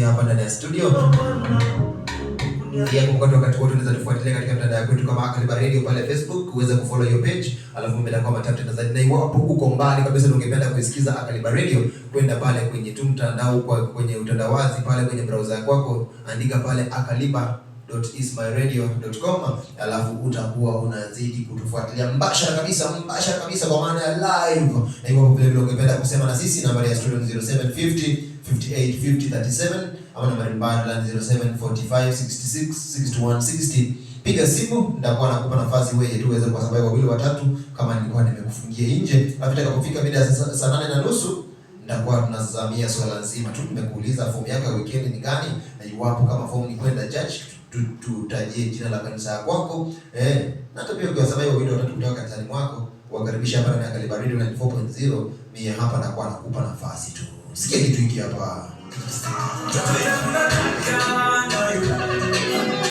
hapa ndani ya studio pia kwa wakati wote unaweza tufuatilia katika mtandao wetu kama Akaliba Radio pale Facebook, uweze kufollow hiyo page, alafu mbele kwa matatu zaidi. Na iwapo uko mbali kabisa na ungependa Akaliba Radio, kwenda pale kwenye tu mtandao, kwenye utandawazi pale kwenye browser yako, andika pale Akaliba ismailradio.com, alafu utakuwa unazidi kutufuatilia mbashara kabisa, mbashara kabisa kwa maana ya live. Na hivyo vile vile ungependa kusema na sisi, nambari ya studio ni 0750 58 50 ama nambari mbadala 0745 66 61 Piga simu, nitakuwa nakupa nafasi wewe tu uweze kwa sababu wawili watatu, kama nilikuwa nimekufungia nje. Alafu itakapofika mida ya saa 8 na nusu Tutakuwa tunazamia swala nzima tu. Nimekuuliza fomu yako ya weekend ni gani, na iwapo kama fomu ni kwenda church, tutajie jina la kanisa kwako, eh, na hata pia ukiwasema hiyo video watatu kutoka kanisani mwako, wakaribisha hapa na ya Kalibaridi 94.0. Mimi hapa nakuwa nakupa nafasi tu, sikia kitu hiki hapa.